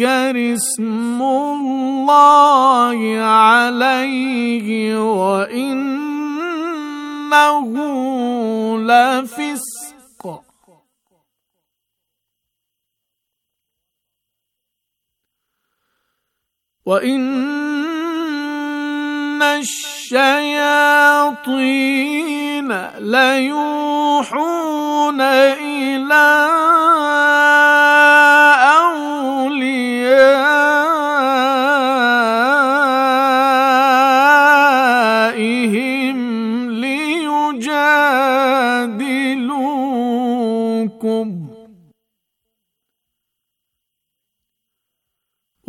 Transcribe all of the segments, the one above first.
يذكر اسم الله عليه وإنه لفسق وإن الشياطين ليوحون إلى أولياء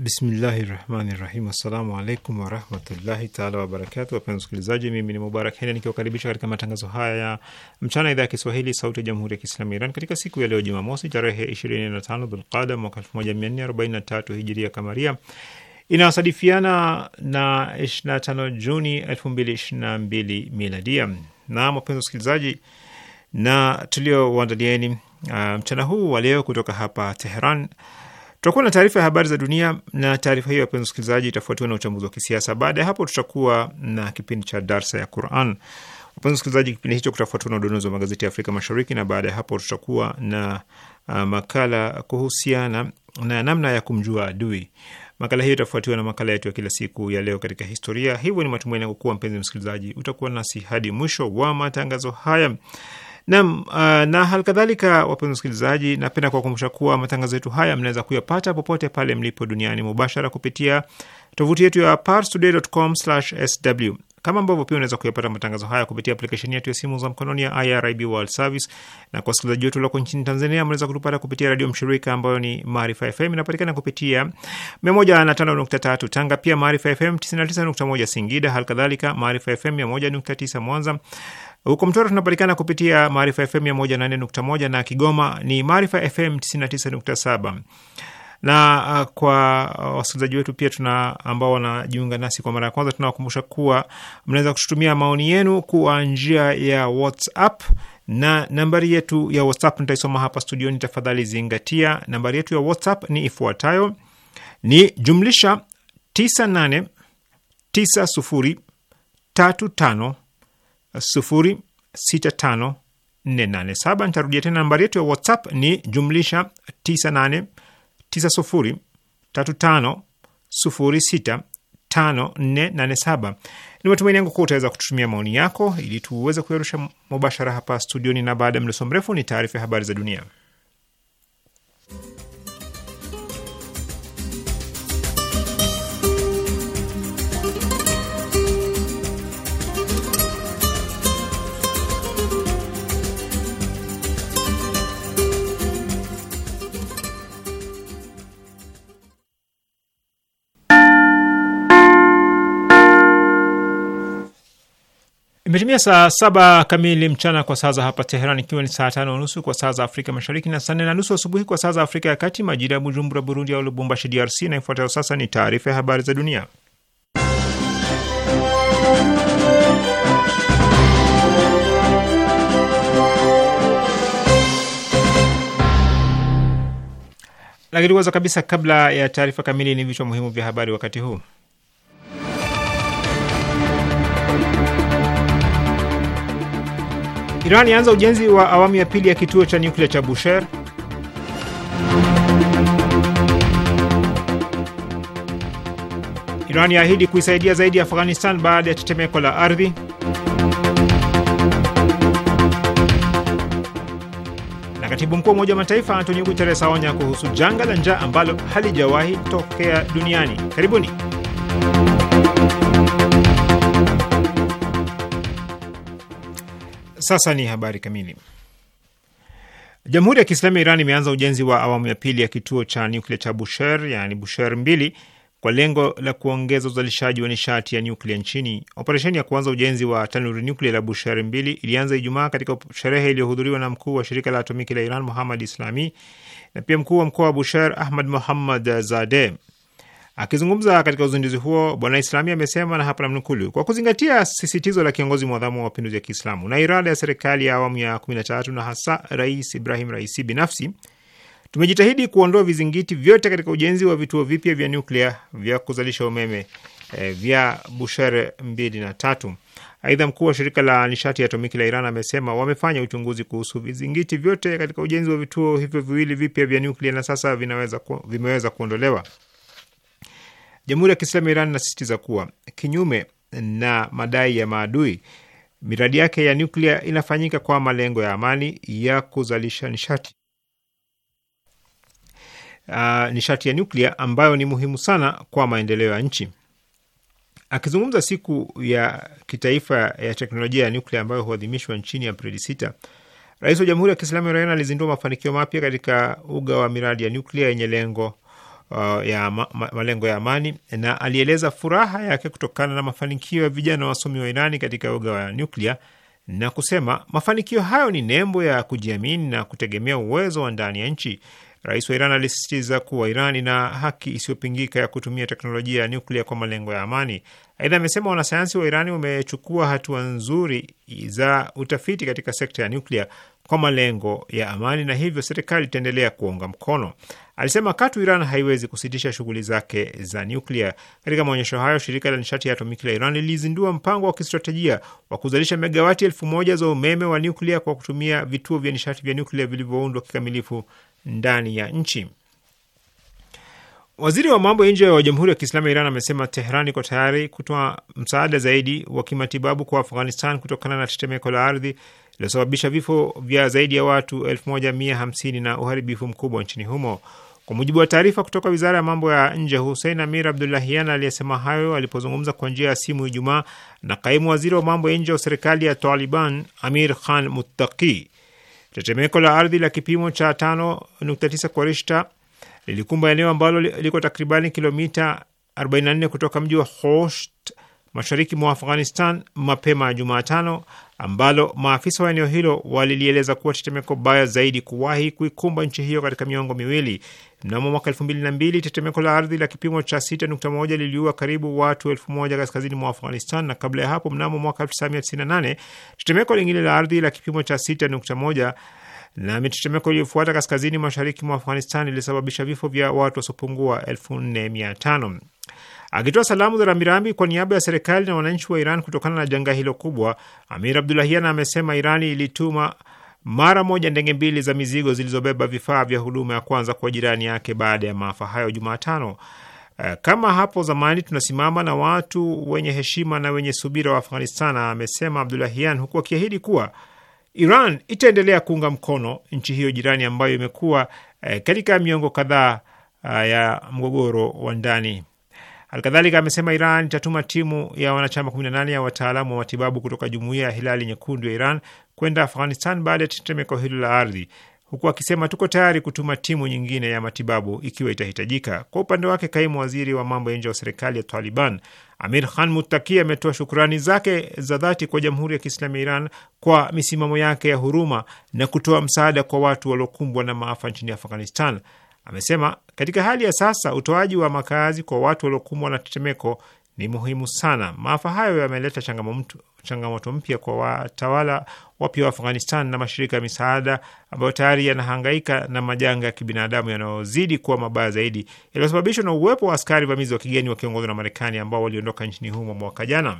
Bismillahi rahmani rahim. Assalamu alaikum warahmatullahi taala wabarakatu. Wapenzi wasikilizaji, mimi ni Mubarak Hena nikiwakaribisha katika matangazo haya ya mchana, idhaa ya Kiswahili sauti ya jamhuri ya Kiislamu ya Iran katika siku ya leo Jumamosi tarehe 25 Dhulqada mwaka 1443 hijiria kamaria inayosadifiana na 25 Juni 2022 miladia. na wapenzi wasikilizaji, na tuliowaandalieni uh, mchana huu wa leo kutoka hapa Teheran Tutakuwa na taarifa ya habari za dunia, na taarifa hiyo, wapenzi wasikilizaji, itafuatiwa na uchambuzi wa kisiasa. Baada ya hapo, tutakuwa na kipindi cha darsa ya Quran. Wapenzi wasikilizaji, kipindi hicho kutafuatiwa na udondozi wa magazeti ya Afrika Mashariki, na baada ya hapo tutakuwa na uh, makala kuhusiana na namna ya kumjua adui. Makala hiyo itafuatiwa na makala yetu ya kila siku ya leo katika historia. Hivyo ni matumaini yangu kuwa mpenzi msikilizaji utakuwa nasi hadi mwisho wa matangazo haya. Naam, uh, na hali kadhalika, wapenzi wasikilizaji, napenda kuwakumbusha kuwa matangazo yetu haya mnaweza kuyapata popote pale mlipo duniani mubashara kupitia tovuti yetu ya parstoday.com/sw kama ambavyo pia unaweza kuyapata matangazo haya kupitia aplikesheni yetu ya simu za mkononi ya IRIB World Service, na kwa wasikilizaji wetu walioko nchini Tanzania, mnaweza kutupata kupitia redio mshirika ambayo ni Maarifa FM, inapatikana kupitia 105.3 Tanga, pia Maarifa FM 99.1 Singida, kadhalika Maarifa FM 101.9 Mwanza huko Mtwara tunapatikana kupitia Maarifa FM 104.1 na Kigoma ni Maarifa FM 99.7 na uh, kwa uh, wasikilizaji wetu pia tuna ambao wanajiunga nasi kwa mara ya kwanza, tunawakumbusha kuwa mnaweza kututumia maoni yenu kwa njia ya WhatsApp na nambari yetu ya WhatsApp nitaisoma hapa studioni. Tafadhali zingatia nambari yetu ya WhatsApp ni ifuatayo: ni jumlisha 989035 sufuri Nitarudia tena nambari yetu ya WhatsApp ni jumlisha tisa Ni matumaini yangu kuwa utaweza kututumia maoni yako ili tuweze kuyarusha mubashara hapa studioni, na baada ya mdoso mrefu ni taarifa ya habari za dunia. Imetimia saa saba kamili mchana kwa saa za hapa Teheran, ikiwa ni saa tano nusu kwa saa za Afrika Mashariki na saa nne na nusu asubuhi kwa saa za Afrika ya Kati, majira ya Bujumbura, Burundi au Lubumbashi, DRC. Na ifuatayo sasa ni taarifa ya habari za dunia, lakini kwanza kabisa, kabla ya taarifa kamili, ni vichwa muhimu vya habari wakati huu. Iran yaanza ujenzi wa awamu ya pili ya kituo cha nyuklia cha Bushehr. Iran yaahidi kuisaidia zaidi Afghanistan baada ya tetemeko la ardhi. Na katibu mkuu wa Umoja wa Mataifa Antonio Guterres aonya kuhusu janga la njaa ambalo halijawahi tokea duniani. Karibuni. Sasa ni habari kamili. Jamhuri ya Kiislamu ya Iran imeanza ujenzi wa awamu ya pili ya kituo cha nyuklia cha Busher, yani Busher mbili kwa lengo la kuongeza uzalishaji wa nishati ya nyuklia nchini. Operesheni ya kuanza ujenzi wa tanuri nyuklia la Busher mbili ilianza Ijumaa katika sherehe iliyohudhuriwa na mkuu wa shirika la atomiki la Iran Muhammad Islami na pia mkuu wa mkoa wa Busher Ahmad Muhammad Zadeh. Akizungumza katika uzinduzi huo, Bwana Islami amesema na hapa namnukulu: kwa kuzingatia sisitizo la kiongozi mwadhamu wa mapinduzi ya Kiislamu na irada ya serikali ya awamu ya 13 na hasa Rais Ibrahim Raisi binafsi tumejitahidi kuondoa vizingiti vyote katika ujenzi wa vituo vipya vya nyuklia vya kuzalisha umeme e, vya Bushehr mbili na tatu. Aidha, mkuu wa shirika la nishati ya atomiki la Iran amesema wamefanya uchunguzi kuhusu vizingiti vyote katika ujenzi wa vituo hivyo viwili vipya vya nyuklia na sasa vinaweza ku, vimeweza kuondolewa. Jamhuri ya Kiislamu ya Iran inasisitiza kuwa kinyume na madai ya maadui, miradi yake ya nyuklia inafanyika kwa malengo ya amani ya kuzalisha nishati uh, nishati ya nyuklia ambayo ni muhimu sana kwa maendeleo ya nchi. Akizungumza siku ya kitaifa ya teknolojia ya nyuklia ambayo huadhimishwa nchini Aprili sita, rais wa Jamhuri ya Kiislamu ya Iran alizindua mafanikio mapya katika uga wa miradi ya nyuklia yenye lengo uh, ya ma, ma, malengo ya amani, na alieleza furaha yake kutokana na mafanikio ya vijana wasomi wa Irani katika uga wa nyuklia na kusema mafanikio hayo ni nembo ya kujiamini na kutegemea uwezo wa ndani ya nchi Rais wa Iran alisisitiza kuwa Iran ina haki isiyopingika ya kutumia teknolojia ya nyuklia kwa malengo ya amani. Aidha, amesema wanasayansi wa Irani wamechukua hatua nzuri za utafiti katika sekta ya nyuklia kwa malengo ya amani na hivyo serikali itaendelea kuunga mkono. Alisema katu Iran haiwezi kusitisha shughuli zake za nyuklia. Katika maonyesho hayo, shirika la nishati ya atomiki la Iran lilizindua mpango wa kistratejia wa kuzalisha megawati elfu moja za umeme wa nyuklia kwa kutumia vituo vya nishati vya nyuklia vilivyoundwa kikamilifu ndani ya nchi. Waziri wa mambo ya nje wa Jamhuri ya Kiislamu ya Iran amesema tehran iko tayari kutoa msaada zaidi wa kimatibabu kwa Afghanistan kutokana na tetemeko la ardhi lililosababisha vifo vya zaidi ya watu 1150 na uharibifu mkubwa nchini humo. Kwa mujibu wa taarifa kutoka wizara ya mambo ya nje, Hussein Amir Abdulahian aliyesema hayo alipozungumza kwa njia ya simu Ijumaa na kaimu waziri wa mambo ya nje wa serikali ya Taliban Amir Khan Muttaqi. Tetemeko la ardhi la kipimo cha 5.9 kwa Richter lilikumba eneo ambalo liko takribani kilomita 44 kutoka mji wa Khost mashariki mwa Afghanistan mapema Jumatano, ambalo maafisa wa eneo hilo walilieleza kuwa tetemeko baya zaidi kuwahi kuikumba nchi hiyo katika miongo miwili. Mnamo mwaka elfu mbili na mbili tetemeko la ardhi la kipimo cha 6.1 liliua karibu watu elfu moja kaskazini mwa Afghanistan, na kabla ya hapo, mnamo mwaka nane tetemeko lingine la ardhi la kipimo cha 6.1 na mitetemeko iliyofuata kaskazini mashariki mwa Afghanistan ilisababisha vifo vya watu wasiopungua elfu nne mia tano. Akitoa salamu za rambirambi kwa niaba ya serikali na wananchi wa Iran kutokana na janga hilo kubwa, Amir Abdulahian amesema Iran ilituma mara moja ndege mbili za mizigo zilizobeba vifaa vya huduma ya kwanza kwa jirani yake baada ya maafa hayo Jumatano. Eh, kama hapo zamani, tunasimama na watu wenye heshima na wenye subira wa Afghanistan, amesema Abdulahian, huku akiahidi kuwa Iran itaendelea kuunga mkono nchi hiyo jirani ambayo imekuwa eh, katika miongo kadhaa eh, ya mgogoro wa ndani. Alkadhalika amesema Iran itatuma timu ya wanachama 18 ya wataalamu wa matibabu kutoka jumuiya ya Hilali Nyekundu ya Iran kwenda Afghanistan baada ya tetemeko hilo la ardhi, huku akisema tuko tayari kutuma timu nyingine ya matibabu ikiwa itahitajika. Kwa upande wake, kaimu waziri wa mambo ya nje wa serikali ya Taliban Amir Khan Muttaqi ametoa shukrani zake za dhati kwa Jamhuri ya Kiislamu ya Iran kwa misimamo yake ya huruma na kutoa msaada kwa watu waliokumbwa na maafa nchini Afghanistan. Amesema katika hali ya sasa utoaji wa makazi kwa watu waliokumbwa na tetemeko ni muhimu sana. Maafa hayo yameleta changamoto mpya kwa watawala wapya wa Afghanistan na mashirika ya misaada ambayo tayari yanahangaika na majanga ya kibinadamu yanayozidi kuwa mabaya zaidi yaliyosababishwa na uwepo wa askari vamizi wa kigeni wakiongozwa na Marekani ambao waliondoka nchini humo mwaka jana.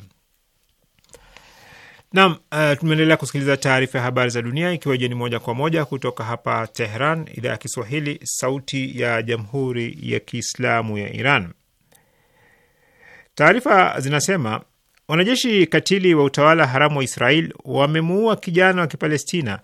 Naam, uh, tumeendelea kusikiliza taarifa ya habari za dunia ikiwa jeni moja kwa moja kutoka hapa Tehran, idhaa ya Kiswahili, sauti ya Jamhuri ya Kiislamu ya Iran. Taarifa zinasema wanajeshi katili wa utawala haramu wa Israel wamemuua kijana wa Kipalestina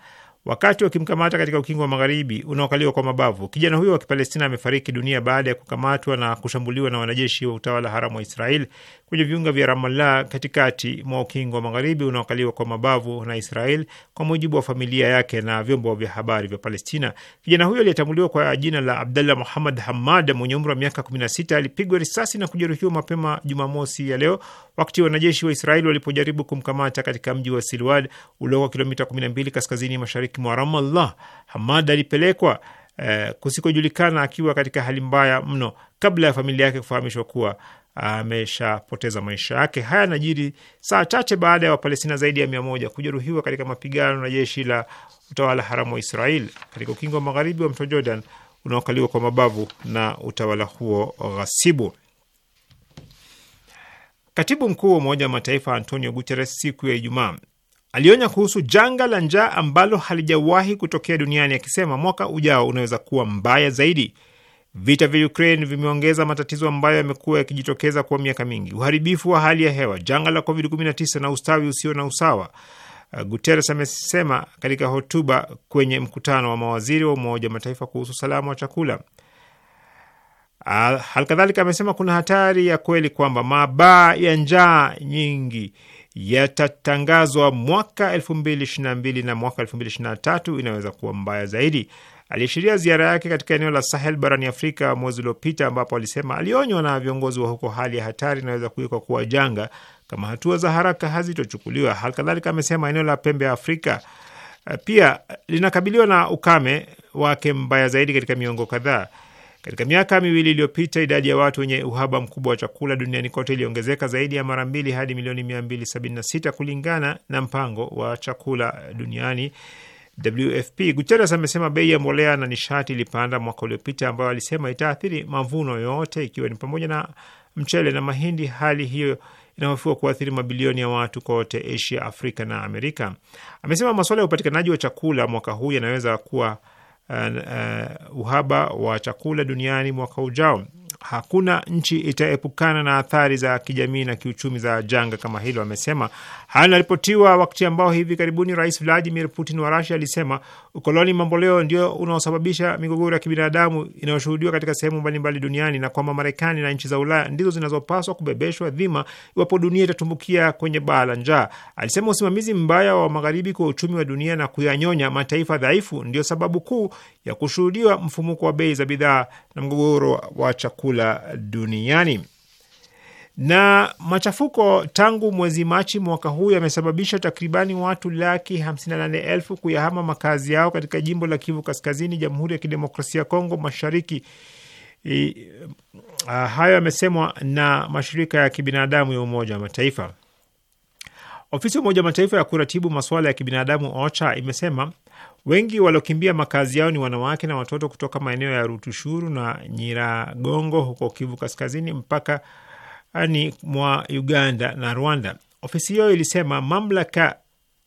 wakati wakimkamata katika ukingo wa magharibi unaokaliwa kwa mabavu. Kijana huyo wa Kipalestina amefariki dunia baada ya kukamatwa na kushambuliwa na wanajeshi wa utawala haramu wa Israel kwenye viunga vya Ramallah katikati mwa ukingo wa magharibi unaokaliwa kwa mabavu na Israel, kwa mujibu wa familia yake na vyombo vya habari vya Palestina. Kijana huyo aliyetambuliwa kwa jina la Abdallah Muhammad Hamad mwenye umri wa miaka 16 alipigwa risasi na kujeruhiwa mapema Jumamosi ya leo wakati wanajeshi wa Israeli walipojaribu kumkamata katika mji wa Silwad ulioko kilomita 12 kaskazini mashariki mwa Ramallah. Hamad alipelekwa eh, kusikojulikana akiwa katika hali mbaya mno kabla ya familia yake kufahamishwa kuwa ameshapoteza maisha yake. Haya yanajiri saa chache baada ya Wapalestina zaidi ya mia moja kujeruhiwa katika mapigano na jeshi la utawala haramu wa Israel katika ukingo wa magharibi wa mto Jordan unaokaliwa kwa mabavu na utawala huo ghasibu. Katibu mkuu wa Umoja wa Mataifa Antonio Guterres siku ya Ijumaa alionya kuhusu janga la njaa ambalo halijawahi kutokea duniani akisema mwaka ujao unaweza kuwa mbaya zaidi. Vita vya Ukraine vimeongeza matatizo ambayo yamekuwa yakijitokeza kwa miaka mingi: uharibifu wa hali ya hewa, janga la COVID-19 na ustawi usio na usawa. Uh, Guterres amesema katika hotuba kwenye mkutano wa mawaziri wa Umoja Mataifa kuhusu usalama wa chakula. Halikadhalika amesema kuna hatari ya kweli kwamba mabaa ya njaa nyingi yatatangazwa mwaka 2022 na mwaka 2023 inaweza kuwa mbaya zaidi aliashiria ziara yake katika eneo la Sahel barani Afrika mwezi uliopita, ambapo alisema alionywa na viongozi wa huko hali ya hatari inaweza kuwekwa kuwa janga kama hatua za haraka hazitochukuliwa. Halikadhalika amesema eneo la pembe ya Afrika eh, pia linakabiliwa na ukame wake mbaya zaidi katika miongo kadhaa. Katika miaka miwili iliyopita, idadi ya watu wenye uhaba mkubwa wa chakula duniani kote iliongezeka zaidi ya mara mbili hadi milioni 276 kulingana na mpango wa chakula duniani WFP. Guterres amesema bei ya mbolea na nishati ilipanda mwaka uliopita, ambayo alisema itaathiri mavuno yote ikiwa ni pamoja na mchele na mahindi. Hali hiyo inahofiwa kuathiri mabilioni ya watu kote Asia, Afrika na Amerika. Amesema masuala ya upatikanaji wa chakula mwaka huu yanaweza kuwa uh, uh, uhaba wa chakula duniani mwaka ujao hakuna nchi itaepukana na athari za kijamii na kiuchumi za janga kama hilo, amesema. Hayo inaripotiwa wakati ambao hivi karibuni Rais Vladimir Putin wa Rusia alisema ukoloni mamboleo ndio unaosababisha migogoro ya kibinadamu inayoshuhudiwa katika sehemu mbalimbali duniani na kwamba Marekani na nchi za Ulaya ndizo zinazopaswa kubebeshwa dhima iwapo dunia itatumbukia kwenye baa la njaa. Alisema usimamizi mbaya wa magharibi kwa uchumi wa dunia na kuyanyonya mataifa dhaifu ndio sababu kuu ya kushuhudiwa mfumuko wa bei za bidhaa na mgogoro wa chakula duniani. Na machafuko tangu mwezi Machi mwaka huu yamesababisha takribani watu laki 58,000 kuyahama makazi yao katika jimbo la Kivu Kaskazini, Jamhuri ya Kidemokrasia ya Kongo Mashariki. I, uh, hayo yamesemwa na mashirika ya kibinadamu ya Umoja wa Mataifa. Ofisi ya Umoja wa Mataifa ya kuratibu masuala ya kibinadamu OCHA imesema Wengi waliokimbia makazi yao ni wanawake na watoto kutoka maeneo ya Rutushuru na Nyiragongo huko Kivu Kaskazini mpaka ah, ni mwa Uganda na Rwanda. Ofisi hiyo ilisema mamlaka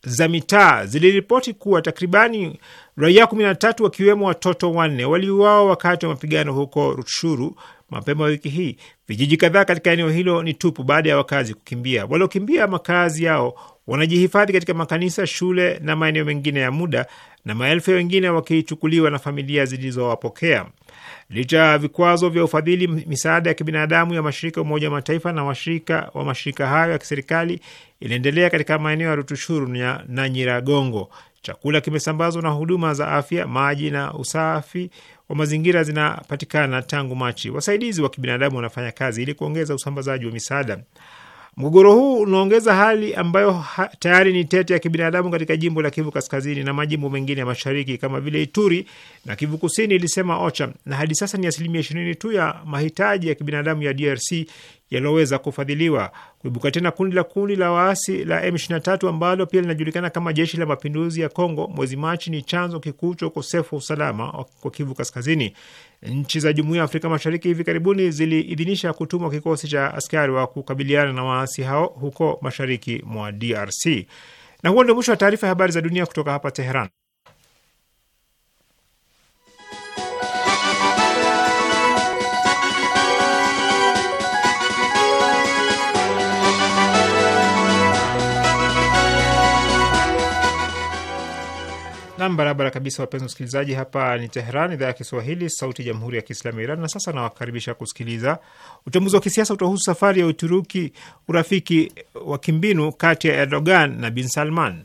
za mitaa ziliripoti kuwa takribani raia 13 wakiwemo watoto wanne waliuawa wakati wa mapigano huko Rutshuru mapema wiki hii. Vijiji kadhaa katika eneo hilo ni tupu baada ya wakazi kukimbia. Waliokimbia makazi yao wanajihifadhi katika makanisa, shule na maeneo mengine ya muda, na maelfu wengine wakichukuliwa na familia zilizowapokea. Licha ya vikwazo vya ufadhili, misaada ya kibinadamu ya mashirika ya Umoja wa Mataifa na washirika wa mashirika hayo ya kiserikali inaendelea katika maeneo ya Rutushuru na Nyiragongo. Chakula kimesambazwa na huduma za afya, maji na usafi wa mazingira zinapatikana tangu Machi. Wasaidizi wa kibinadamu wanafanya kazi ili kuongeza usambazaji wa misaada. Mgogoro huu unaongeza hali ambayo ha, tayari ni tete ya kibinadamu katika jimbo la Kivu Kaskazini na majimbo mengine ya mashariki kama vile Ituri na Kivu Kusini, ilisema OCHA. Na hadi sasa ni asilimia ishirini tu ya mahitaji ya kibinadamu ya DRC yaliyoweza kufadhiliwa. Kuibuka tena kundi la kundi la waasi la M23 ambalo pia linajulikana kama jeshi la mapinduzi ya Kongo mwezi Machi ni chanzo kikuu cha ukosefu wa usalama kwa Kivu Kaskazini. Nchi za Jumuiya ya Afrika Mashariki hivi karibuni ziliidhinisha kutumwa kikosi cha askari wa kukabiliana na waasi hao huko mashariki mwa DRC. Na huo ndio mwisho wa taarifa ya habari za dunia kutoka hapa Teheran. Nam, barabara kabisa, wapenzi wasikilizaji, hapa ni Teheran, idhaa ya Kiswahili, sauti ya jamhuri ya kiislamu ya Iran. Na sasa nawakaribisha kusikiliza uchambuzi wa kisiasa utahusu safari ya Uturuki, urafiki wa kimbinu kati ya Erdogan na bin Salman.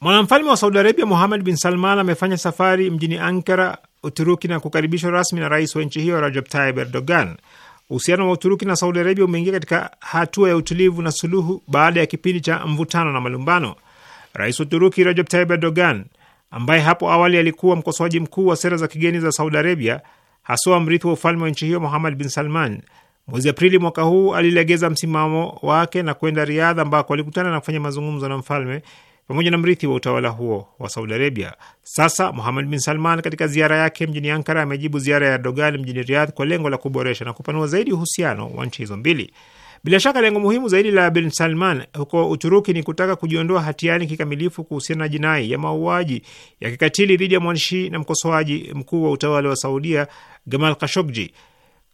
Mwanamfalme wa Saudi Arabia Mohamed bin Salman amefanya safari mjini Ankara, Uturuki, na kukaribishwa rasmi na rais wa nchi hiyo Rajab Tayyip Erdogan. Uhusiano wa Uturuki na Saudi Arabia umeingia katika hatua ya utulivu na suluhu baada ya kipindi cha mvutano na malumbano. Rais wa Uturuki Rajab Tayyip Erdogan, ambaye hapo awali alikuwa mkosoaji mkuu wa sera za kigeni za Saudi Arabia, haswa mrithi wa ufalme wa nchi hiyo muhammad bin Salman, mwezi Aprili mwaka huu alilegeza msimamo wake na kwenda Riadha, ambako alikutana na kufanya mazungumzo na mfalme pamoja na mrithi wa utawala huo wa Saudi Arabia. Sasa Muhammad bin Salman katika ziara yake mjini Ankara amejibu ziara ya Erdogan mjini Riyadh kwa lengo la kuboresha na kupanua zaidi uhusiano wa nchi hizo mbili. Bila shaka lengo muhimu zaidi la bin Salman huko Uturuki ni kutaka kujiondoa hatiani kikamilifu kuhusiana na jinai ya mauaji ya kikatili dhidi ya mwandishi na mkosoaji mkuu wa utawala wa Saudia Gamal Khashoggi.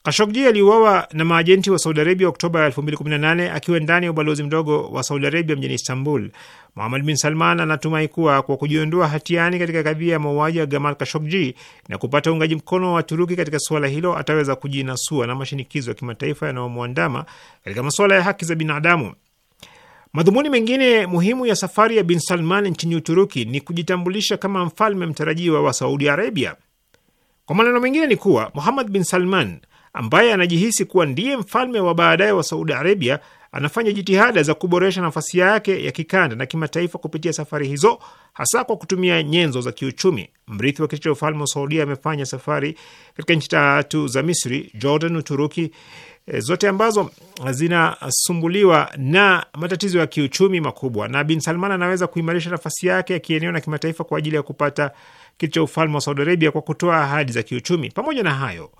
Kashogji aliuawa na maajenti wa Saudi Arabia Oktoba 2018 akiwa ndani ya ubalozi mdogo wa Saudi Arabia mjini Istanbul. Muhammad bin Salman anatumai kuwa kwa kujiondoa hatiani katika kadhia ya mauaji ya Gamal Kashogji na kupata uungaji mkono wa Waturuki katika suala hilo ataweza kujinasua na mashinikizo ya kimataifa yanayomwandama katika masuala ya haki za binadamu. Madhumuni mengine muhimu ya safari ya bin Salman nchini Uturuki ni kujitambulisha kama mfalme mtarajiwa wa Saudi Arabia. Kwa maneno mengine ni kuwa Muhammad bin Salman ambaye anajihisi kuwa ndiye mfalme wa baadaye wa Saudi Arabia anafanya jitihada za kuboresha nafasi yake ya kikanda na kimataifa kupitia safari hizo, hasa kwa kutumia nyenzo za kiuchumi. Mrithi wa kiti cha ufalme wa Saudia amefanya safari katika nchi tatu za Misri, Jordan, Uturuki, eh, zote ambazo zinasumbuliwa na matatizo ya kiuchumi makubwa, na Bin Salman anaweza kuimarisha nafasi yake ya kieneo na kimataifa kwa ajili ya kupata kiti cha ufalme wa Saudi Arabia kwa kutoa ahadi za kiuchumi. Pamoja na hayo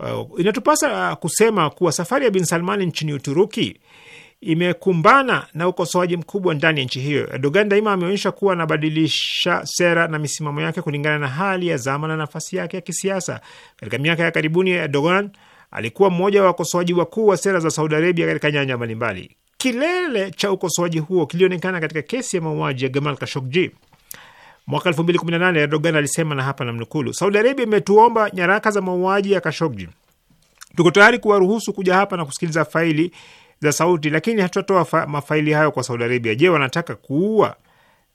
Uh, inatupasa kusema kuwa safari ya bin salmani nchini Uturuki imekumbana na ukosoaji mkubwa ndani ya nchi hiyo. Erdogan daima ameonyesha kuwa anabadilisha sera na misimamo yake kulingana na hali ya zama na nafasi yake ya kisiasa. Katika miaka ya karibuni, Erdogan alikuwa mmoja wa wakosoaji wakuu wa sera za Saudi Arabia katika nyanja mbalimbali. Kilele cha ukosoaji huo kilionekana katika kesi ya mauaji ya Gamal Khashoggi mwaka 2018 Erdogan alisema, na hapa namnukulu, Saudi Arabia imetuomba nyaraka za mauaji ya Kashogji. Tuko tayari kuwaruhusu kuja hapa na kusikiliza faili za sauti, lakini hatutatoa mafaili hayo kwa Saudi Arabia. Je, wanataka kuua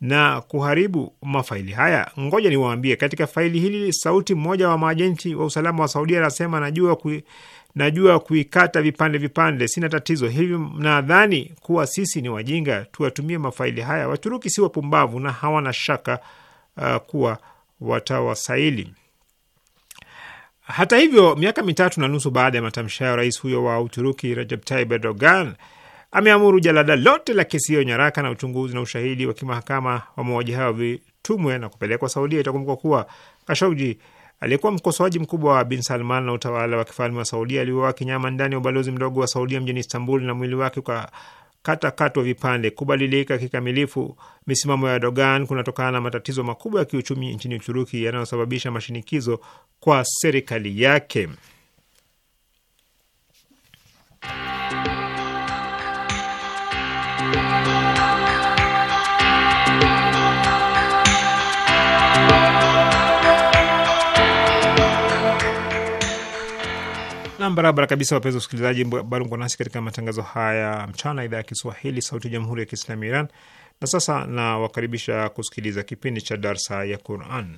na kuharibu mafaili haya? Ngoja niwaambie, katika faili hili sauti, mmoja wa maajenti wa usalama wa Saudia anasema anajua najua kuikata vipande vipande, sina tatizo. Hivi mnadhani kuwa sisi ni wajinga? Tuwatumie mafaili haya. Waturuki si wapumbavu na hawana shaka uh, kuwa watawasaili. Hata hivyo, miaka mitatu na nusu baada ya matamshi hayo, rais huyo wa Uturuki Recep Tayyip Erdogan ameamuru jalada lote la kesi hiyo, nyaraka na uchunguzi na ushahidi wa kimahakama wa mauaji hayo vitumwe na kupelekwa Saudia. Itakumbuka kuwa Kashauji aliyekuwa mkosoaji mkubwa wa bin Salman na utawala wa kifalme wa Saudia aliuawa kinyama ndani ya ubalozi mdogo wa Saudia mjini Istanbul na mwili wake kwa katwa vipande. Kubadilika kikamilifu misimamo ya Erdogan kunatokana na matatizo makubwa ya kiuchumi nchini Uturuki yanayosababisha mashinikizo kwa serikali yake. Nam, barabara kabisa, wapenzi wasikilizaji, bado mko nasi katika matangazo haya mchana, idhaa ya Kiswahili, sauti ya jamhuri ya kiislamu ya Iran. Na sasa nawakaribisha kusikiliza kipindi cha darsa ya Quran.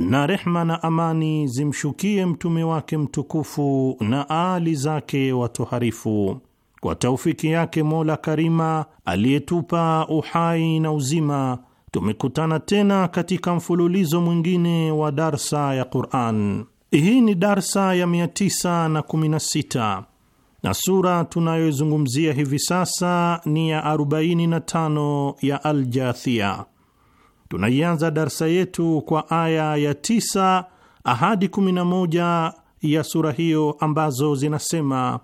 na rehma na amani zimshukie mtume wake mtukufu na aali zake watoharifu. Kwa taufiki yake Mola Karima aliyetupa uhai na uzima, tumekutana tena katika mfululizo mwingine wa darsa ya Quran. Hii ni darsa ya 916 na sura tunayoizungumzia hivi sasa ni ya 45 ya Aljathia. Tunaianza darsa yetu kwa aya ya tisa ahadi kumi na moja ya sura hiyo ambazo zinasema: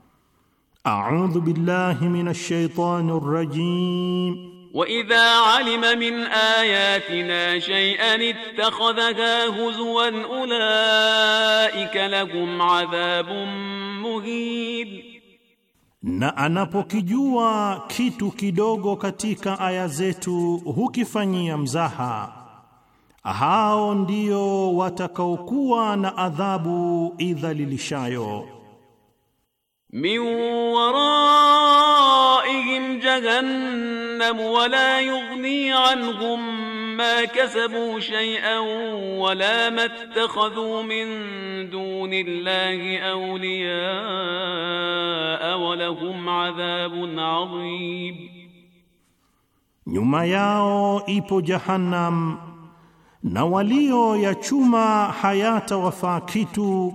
audhu billahi minash shaitani rajim wa idha alima min ayatina shay'an ittakhadhaha huzwan ulaika lahum adhabun muhin na anapokijua kitu kidogo katika aya zetu hukifanyia mzaha. Hao ndio watakaokuwa na adhabu idhalilishayo. min waraihim jahannam wala yughni anhum ما كسبوا شيئا ولا ما اتخذوا من دون الله أولياء ولهم عذاب عظيم Nyuma yao ipo Jahannam na walioyachuma hayatawafaa kitu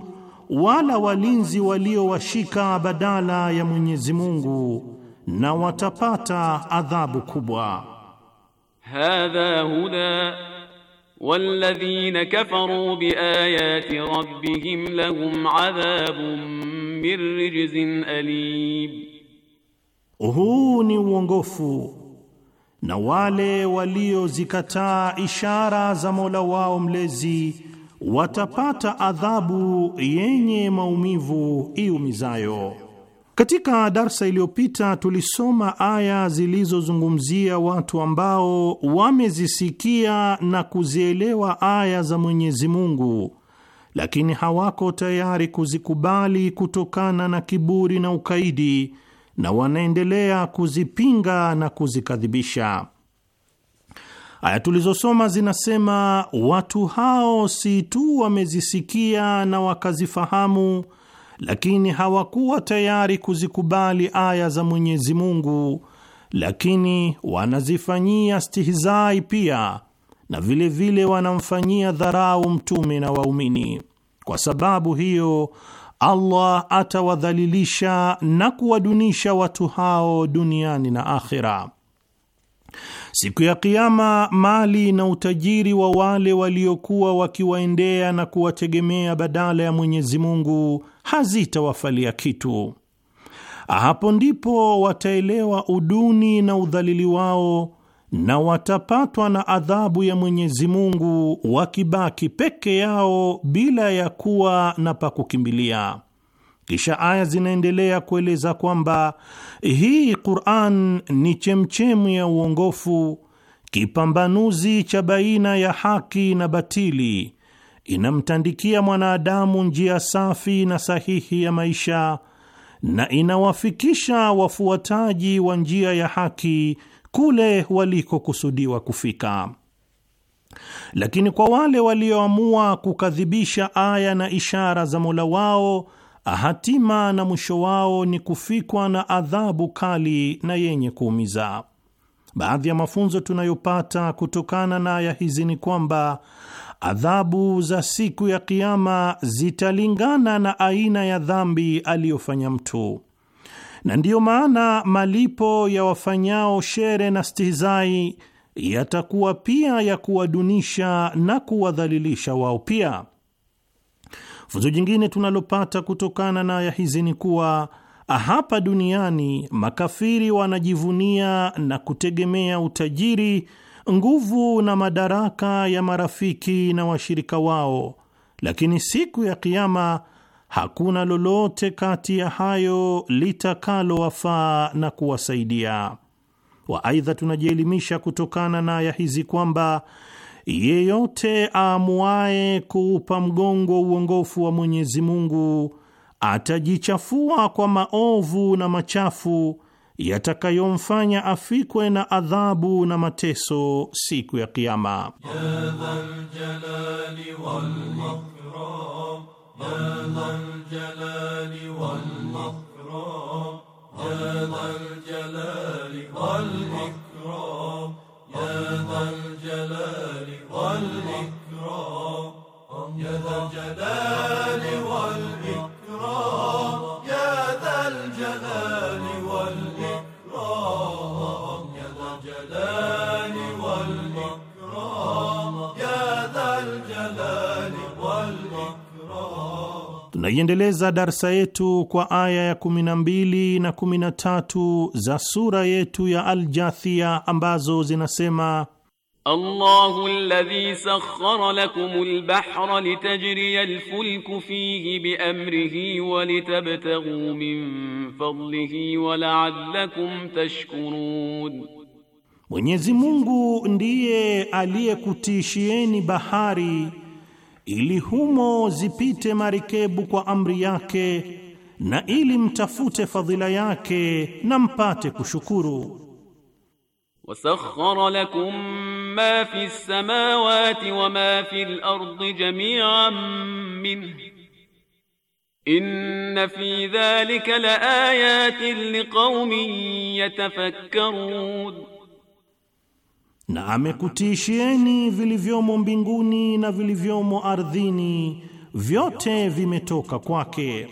wala walinzi waliowashika badala ya Mwenyezi Mungu na watapata adhabu kubwa hadha huda walladhina kafaru biayati rabbihim lahum adhabun min rijzin alim, huu ni uongofu na wale waliozikataa ishara za Mola wao mlezi watapata adhabu yenye maumivu iumizayo. Katika darsa iliyopita tulisoma aya zilizozungumzia watu ambao wamezisikia na kuzielewa aya za Mwenyezi Mungu, lakini hawako tayari kuzikubali kutokana na kiburi na ukaidi, na wanaendelea kuzipinga na kuzikadhibisha. Aya tulizosoma zinasema watu hao si tu wamezisikia na wakazifahamu lakini hawakuwa tayari kuzikubali aya za Mwenyezi Mungu, lakini wanazifanyia stihizai pia na vilevile vile wanamfanyia dharau mtume na waumini. Kwa sababu hiyo, Allah atawadhalilisha na kuwadunisha watu hao duniani na akhira. Siku ya Kiama, mali na utajiri wa wale waliokuwa wakiwaendea na kuwategemea badala ya Mwenyezi Mungu hazitawafalia kitu. Hapo ndipo wataelewa uduni na udhalili wao na watapatwa na adhabu ya Mwenyezi Mungu wakibaki peke yao bila ya kuwa na pa kukimbilia. Kisha aya zinaendelea kueleza kwamba hii Qur'an ni chemchemu ya uongofu, kipambanuzi cha baina ya haki na batili inamtandikia mwanadamu njia safi na sahihi ya maisha na inawafikisha wafuataji wa njia ya haki kule walikokusudiwa kufika. Lakini kwa wale walioamua kukadhibisha aya na ishara za Mola wao, hatima na mwisho wao ni kufikwa na adhabu kali na yenye kuumiza. Baadhi ya mafunzo tunayopata kutokana na aya hizi ni kwamba adhabu za siku ya Kiama zitalingana na aina ya dhambi aliyofanya mtu, na ndiyo maana malipo ya wafanyao shere na stihizai yatakuwa pia ya kuwadunisha na kuwadhalilisha wao pia. Funzo jingine tunalopata kutokana na aya hizi ni kuwa hapa duniani makafiri wanajivunia na kutegemea utajiri nguvu na madaraka ya marafiki na washirika wao, lakini siku ya Kiama hakuna lolote kati ya hayo litakalowafaa na kuwasaidia wa. Aidha, tunajielimisha kutokana na aya hizi kwamba yeyote aamuaye kuupa mgongo uongofu wa Mwenyezi Mungu atajichafua kwa maovu na machafu yatakayomfanya afikwe na adhabu na mateso siku ya Kiama. Tunaiendeleza darsa yetu kwa aya ya 12 na 13 za sura yetu ya al Aljathia ambazo zinasema: Allahu alladhi sakhkhara lakum al bahra litajriya al fulku fihi bi amrihi wa litabtaghu min fadlihi wa la'allakum tashkurun, Mwenyezi Mungu ndiye aliyekutishieni bahari ili humo zipite marikebu kwa amri yake na ili mtafute fadhila yake na mpate kushukuru. wasakhkhara lakum ma fi samawati wa ma fi al-ardi jami'an minhu inna fi dhalika laayatin liqaumin yatafakkarun na amekutiishieni vilivyomo mbinguni na vilivyomo ardhini, vyote vimetoka kwake.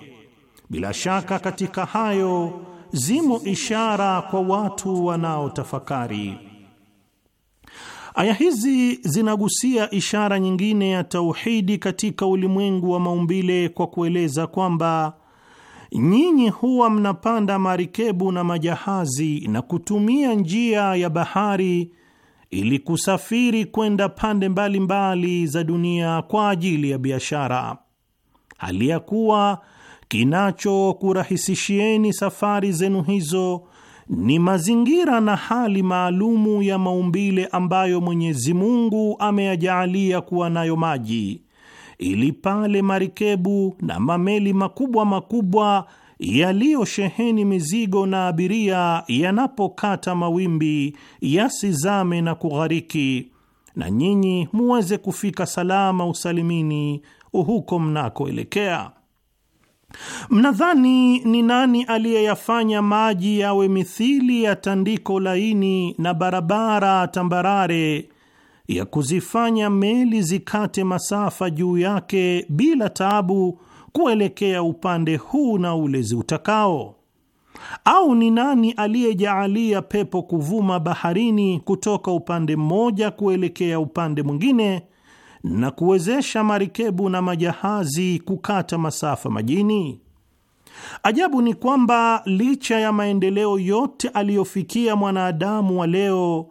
Bila shaka katika hayo zimo ishara kwa watu wanaotafakari. Aya hizi zinagusia ishara nyingine ya tauhidi katika ulimwengu wa maumbile kwa kueleza kwamba nyinyi huwa mnapanda marikebu na majahazi na kutumia njia ya bahari ili kusafiri kwenda pande mbalimbali mbali za dunia kwa ajili ya biashara, hali ya kuwa kinachokurahisishieni safari zenu hizo ni mazingira na hali maalumu ya maumbile ambayo Mwenyezi Mungu ameyajaalia kuwa nayo maji, ili pale marikebu na mameli makubwa makubwa yaliyosheheni mizigo na abiria yanapokata mawimbi yasizame na kughariki, na nyinyi muweze kufika salama usalimini huko mnakoelekea. Mnadhani ni nani aliyeyafanya maji yawe mithili ya tandiko laini na barabara tambarare ya kuzifanya meli zikate masafa juu yake bila taabu kuelekea upande huu na ule ziutakao? Au ni nani aliyejaalia pepo kuvuma baharini kutoka upande mmoja kuelekea upande mwingine na kuwezesha marikebu na majahazi kukata masafa majini? Ajabu ni kwamba licha ya maendeleo yote aliyofikia mwanadamu wa leo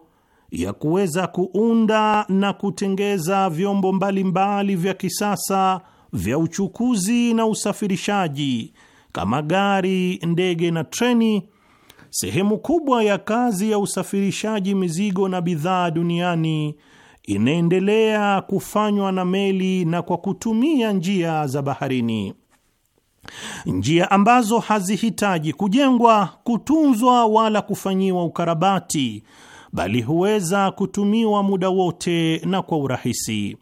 ya kuweza kuunda na kutengeza vyombo mbalimbali mbali vya kisasa vya uchukuzi na usafirishaji kama gari, ndege na treni, sehemu kubwa ya kazi ya usafirishaji mizigo na bidhaa duniani inaendelea kufanywa na meli na kwa kutumia njia za baharini, njia ambazo hazihitaji kujengwa, kutunzwa wala kufanyiwa ukarabati, bali huweza kutumiwa muda wote na kwa urahisi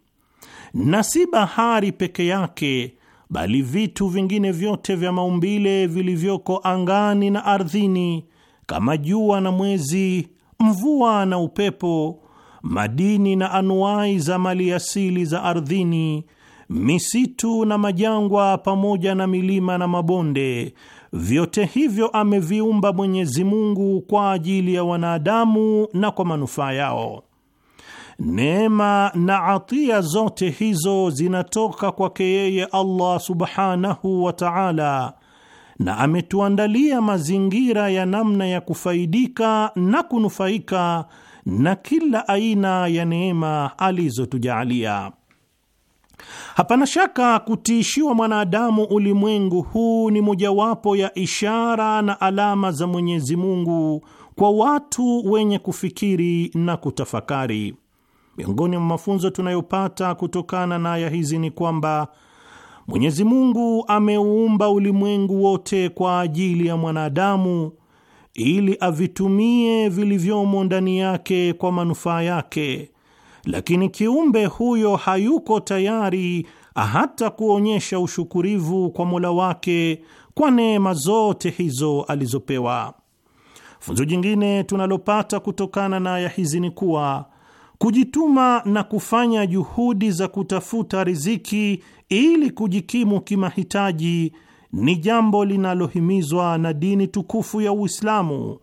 na si bahari peke yake, bali vitu vingine vyote vya maumbile vilivyoko angani na ardhini, kama jua na mwezi, mvua na upepo, madini na anuai za mali asili za ardhini, misitu na majangwa, pamoja na milima na mabonde, vyote hivyo ameviumba Mwenyezi Mungu kwa ajili ya wanadamu na kwa manufaa yao. Neema na atia zote hizo zinatoka kwake yeye Allah subhanahu wa ta'ala, na ametuandalia mazingira ya namna ya kufaidika na kunufaika na kila aina ya neema alizotujaalia. Hapana shaka kutiishiwa mwanadamu ulimwengu huu ni mojawapo ya ishara na alama za Mwenyezi Mungu kwa watu wenye kufikiri na kutafakari. Miongoni mwa mafunzo tunayopata kutokana na aya hizi ni kwamba Mwenyezi Mungu ameuumba ulimwengu wote kwa ajili ya mwanadamu ili avitumie vilivyomo ndani yake kwa manufaa yake, lakini kiumbe huyo hayuko tayari hata kuonyesha ushukurivu kwa Mola wake kwa neema zote hizo alizopewa. Funzo jingine tunalopata kutokana na aya hizi ni kuwa Kujituma na kufanya juhudi za kutafuta riziki ili kujikimu kimahitaji ni jambo linalohimizwa na dini tukufu ya Uislamu,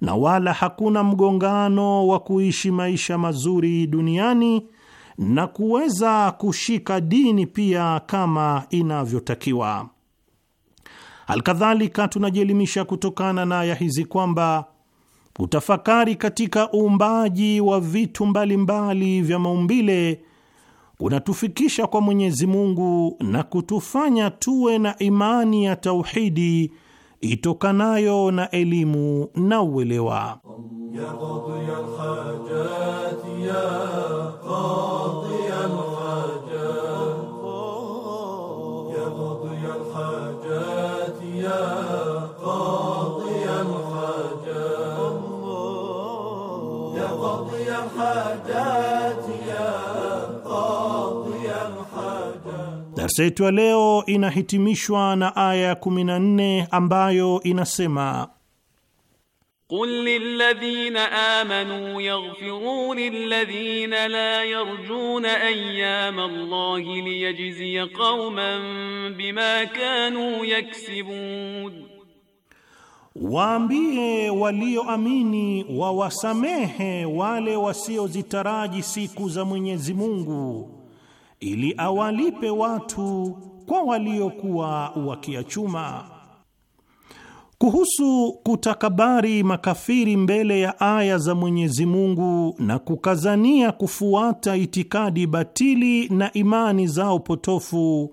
na wala hakuna mgongano wa kuishi maisha mazuri duniani na kuweza kushika dini pia kama inavyotakiwa. Alkadhalika, tunajielimisha kutokana na aya hizi kwamba Kutafakari katika uumbaji wa vitu mbalimbali mbali vya maumbile kunatufikisha kwa Mwenyezi Mungu na kutufanya tuwe na imani ya tauhidi itokanayo na elimu na uelewa. Darsa yetu ya leo inahitimishwa na aya ya 14 ambayo inasema قل للذين آمنوا يغفروا للذين لا يرجون أيام الله ليجزي قوما بما كانوا يكسبون Waambie walioamini wawasamehe wale wasiozitaraji siku za Mwenyezi Mungu ili awalipe watu kwa waliokuwa wakiachuma. Kuhusu kutakabari makafiri mbele ya aya za Mwenyezi Mungu na kukazania kufuata itikadi batili na imani zao potofu,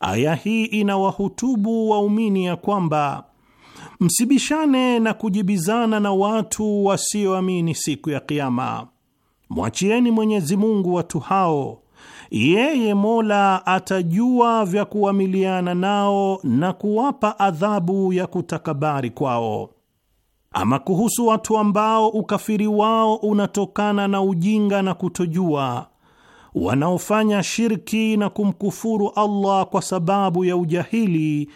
aya hii inawahutubu waumini ya kwamba msibishane na kujibizana na watu wasioamini siku ya Kiama. Mwachieni Mwenyezi Mungu watu hao, yeye Mola atajua vya kuamiliana nao na kuwapa adhabu ya kutakabari kwao. Ama kuhusu watu ambao ukafiri wao unatokana na ujinga na kutojua, wanaofanya shirki na kumkufuru Allah kwa sababu ya ujahili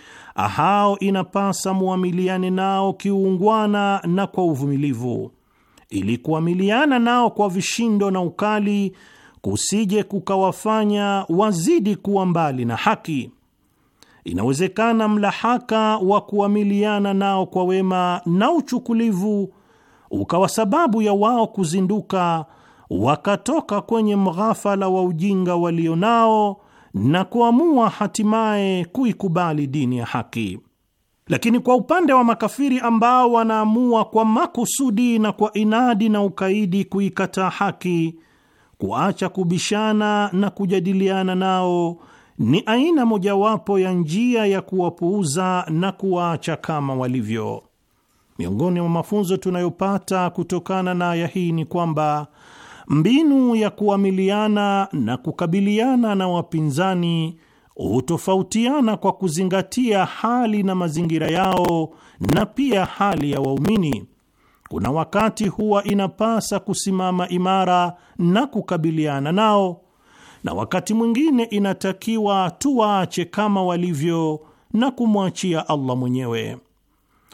hao inapasa muamiliane nao kiungwana na kwa uvumilivu, ili kuamiliana nao kwa vishindo na ukali kusije kukawafanya wazidi kuwa mbali na haki. Inawezekana mlahaka wa kuamiliana nao kwa wema na uchukulivu ukawa sababu ya wao kuzinduka wakatoka kwenye mghafala wa ujinga walio nao na kuamua hatimaye kuikubali dini ya haki. Lakini kwa upande wa makafiri ambao wanaamua kwa makusudi na kwa inadi na ukaidi kuikataa haki, kuacha kubishana na kujadiliana nao ni aina mojawapo ya njia ya kuwapuuza na kuwaacha kama walivyo. Miongoni mwa mafunzo tunayopata kutokana na aya hii ni kwamba Mbinu ya kuamiliana na kukabiliana na wapinzani hutofautiana kwa kuzingatia hali na mazingira yao na pia hali ya waumini. Kuna wakati huwa inapasa kusimama imara na kukabiliana nao, na wakati mwingine inatakiwa tuwaache kama walivyo na kumwachia Allah mwenyewe.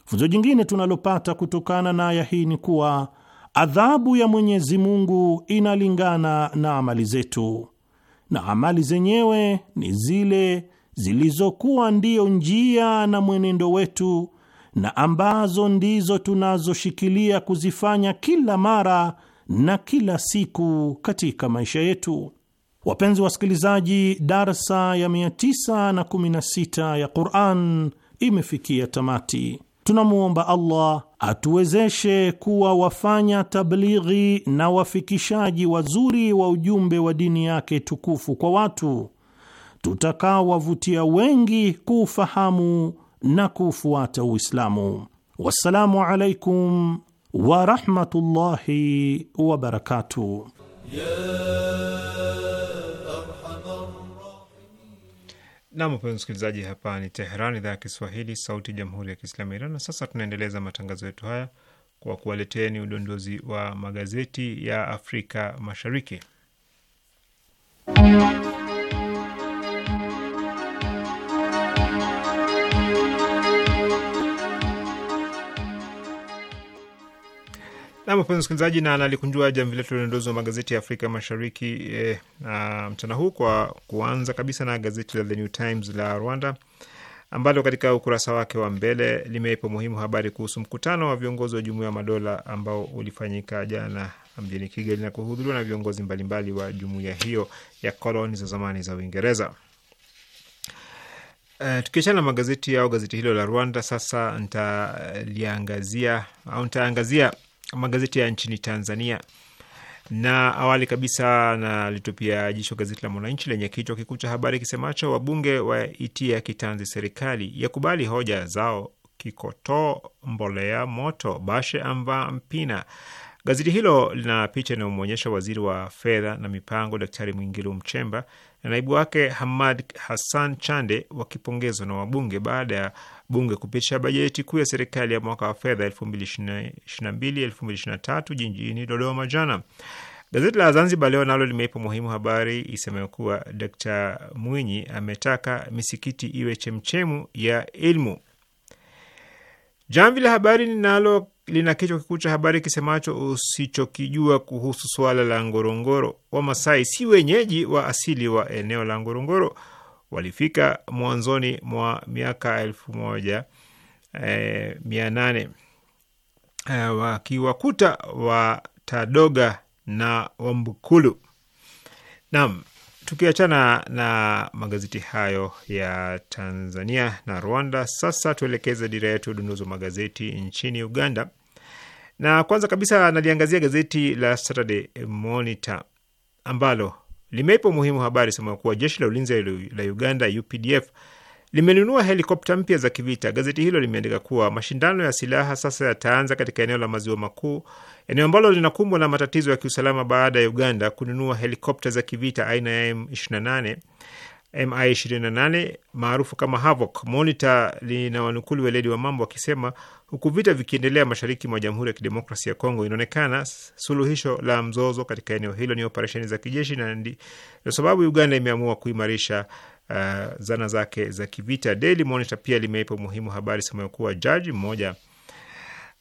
Funzo jingine tunalopata kutokana na aya hii ni kuwa Adhabu ya Mwenyezi Mungu inalingana na amali zetu, na amali zenyewe ni zile zilizokuwa ndiyo njia na mwenendo wetu na ambazo ndizo tunazoshikilia kuzifanya kila mara na kila siku katika maisha yetu. Wapenzi wasikilizaji, darsa ya 916 ya Qur'an imefikia tamati. Tunamwomba Allah atuwezeshe kuwa wafanya tablighi na wafikishaji wazuri wa ujumbe wa dini yake tukufu kwa watu tutakaowavutia wengi kuufahamu na kuufuata Uislamu. Wassalamu alaikum warahmatullahi wabarakatuh. Nam, wapenzi msikilizaji, hapa ni Teheran, idhaa ya Kiswahili, sauti ya jamhuri ya kiislamu ya Iran. Na sasa tunaendeleza matangazo yetu haya kwa kuwaleteni udondozi wa magazeti ya Afrika Mashariki. Namwapeza msikilizaji na nalikunjua jamvi letu la wa magazeti ya Afrika Mashariki eh, mchana huu kwa kuanza kabisa na gazeti la The New Times la Rwanda ambalo katika ukurasa wake wa mbele limeipa muhimu habari kuhusu mkutano wa viongozi wa Jumuiya ya Madola ambao ulifanyika jana mjini Kigali na kuhudhuriwa na viongozi mbalimbali wa jumuiya hiyo ya koloni za zamani za Uingereza. Uh, tukiachana na magazeti au gazeti hilo la Rwanda, sasa nitaliangazia au nitaangazia magazeti ya nchini Tanzania na awali kabisa nalitupia jicho gazeti la Mwananchi lenye kichwa kikuu cha habari kisemacho wabunge waitia kitanzi serikali yakubali hoja zao kikotoo mbolea moto Bashe amvaa Mpina. Gazeti hilo lina picha inayomwonyesha waziri wa fedha na mipango Daktari Mwingilu Mchemba na naibu wake Hamad Hassan Chande wakipongezwa na wabunge baada ya bunge kupitisha bajeti kuu ya serikali ya mwaka wa fedha 2022/2023 jijini Dodoma jana. Gazeti la Zanzibar Leo nalo limeipa muhimu habari isemayo kuwa Dkt Mwinyi ametaka misikiti iwe chemchemu ya elimu. Jamvi la habari linalo lina kichwa kikuu cha habari kisemacho usichokijua kuhusu suala la Ngorongoro. Wamasai si wenyeji wa asili wa eneo la Ngorongoro, walifika mwanzoni mwa miaka elfu moja e, mia nane e, wakiwakuta Watadoga na Wambukulu. Naam, Tukiachana na magazeti hayo ya Tanzania na Rwanda, sasa tuelekeze dira yetu ya udunduzi wa magazeti nchini Uganda, na kwanza kabisa naliangazia gazeti la Saturday Monitor ambalo limeipa umuhimu habari sema kuwa jeshi la ulinzi la Uganda UPDF limenunua helikopta mpya za kivita. Gazeti hilo limeandika kuwa mashindano ya silaha sasa yataanza katika eneo la maziwa makuu eneo ambalo linakumbwa na matatizo ya kiusalama baada ya Uganda kununua helikopta za kivita aina ya M28 MI28 maarufu kama Havoc. Monitor lina wanukuli weledi wa mambo wakisema, huku vita vikiendelea mashariki mwa Jamhuri ya Kidemokrasia ya Kongo, inaonekana suluhisho la mzozo katika eneo hilo ni operesheni za kijeshi, na ndio sababu Uganda imeamua kuimarisha uh, zana zake za kivita. Daily Monitor pia limeipa umuhimu habari semayo kuwa jaji mmoja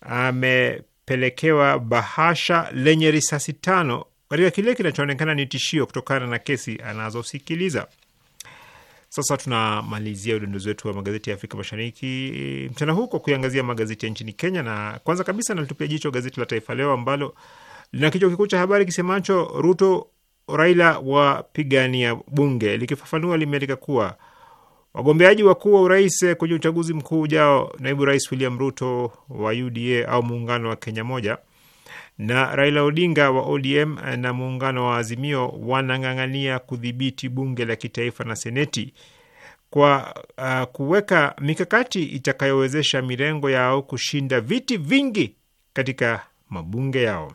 ame alipelekewa bahasha lenye risasi tano katika kile kinachoonekana ni tishio kutokana na kesi anazosikiliza. Sasa tunamalizia udondozi wetu wa magazeti ya Afrika Mashariki mchana huu kwa kuiangazia magazeti ya nchini Kenya, na kwanza kabisa nalitupia jicho gazeti la Taifa Leo ambalo lina kichwa kikuu cha habari kisemacho Ruto Raila wapigania bunge. Likifafanua limeandika kuwa Wagombeaji wakuu wa urais kwenye uchaguzi mkuu ujao, naibu rais William Ruto wa UDA au muungano wa Kenya moja na Raila Odinga wa ODM na muungano wa Azimio wanang'ang'ania kudhibiti bunge la kitaifa na seneti kwa uh, kuweka mikakati itakayowezesha mirengo yao kushinda viti vingi katika mabunge yao.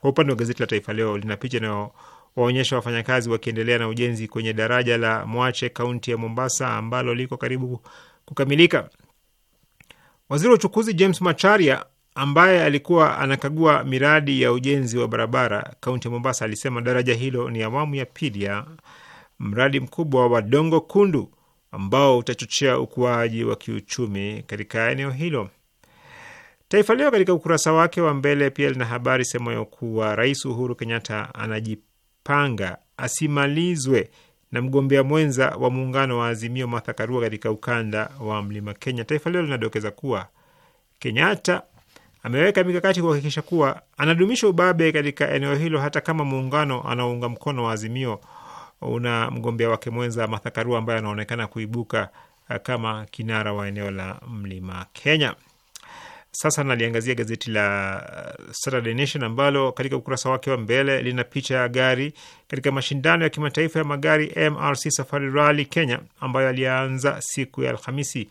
Kwa upande wa gazeti la Taifa Leo lina picha inayo waonyesha wafanyakazi wakiendelea na ujenzi kwenye daraja la Mwache, kaunti ya Mombasa, ambalo liko karibu kukamilika. Waziri wa uchukuzi James Macharia, ambaye alikuwa anakagua miradi ya ujenzi wa barabara kaunti ya Mombasa, alisema daraja hilo ni awamu ya pili ya mradi mkubwa wa Dongo Kundu ambao utachochea ukuaji wa kiuchumi katika eneo hilo. Taifa Leo katika ukurasa wake wa mbele pia lina habari semayo kuwa Rais Uhuru Kenyatta anajipa Panga asimalizwe na mgombea mwenza wa muungano wa Azimio Martha Karua katika ukanda wa mlima Kenya. Taifa Leo linadokeza kuwa Kenyatta ameweka mikakati kuhakikisha kuwa anadumisha ubabe katika eneo hilo hata kama muungano anaounga mkono wa Azimio una mgombea wake mwenza Martha Karua ambaye anaonekana kuibuka kama kinara wa eneo la mlima Kenya. Sasa naliangazia gazeti la uh, Saturday Nation ambalo katika ukurasa wake wa mbele lina picha ya gari katika mashindano ya kimataifa ya magari MRC Safari Rally Kenya ambayo alianza siku ya Alhamisi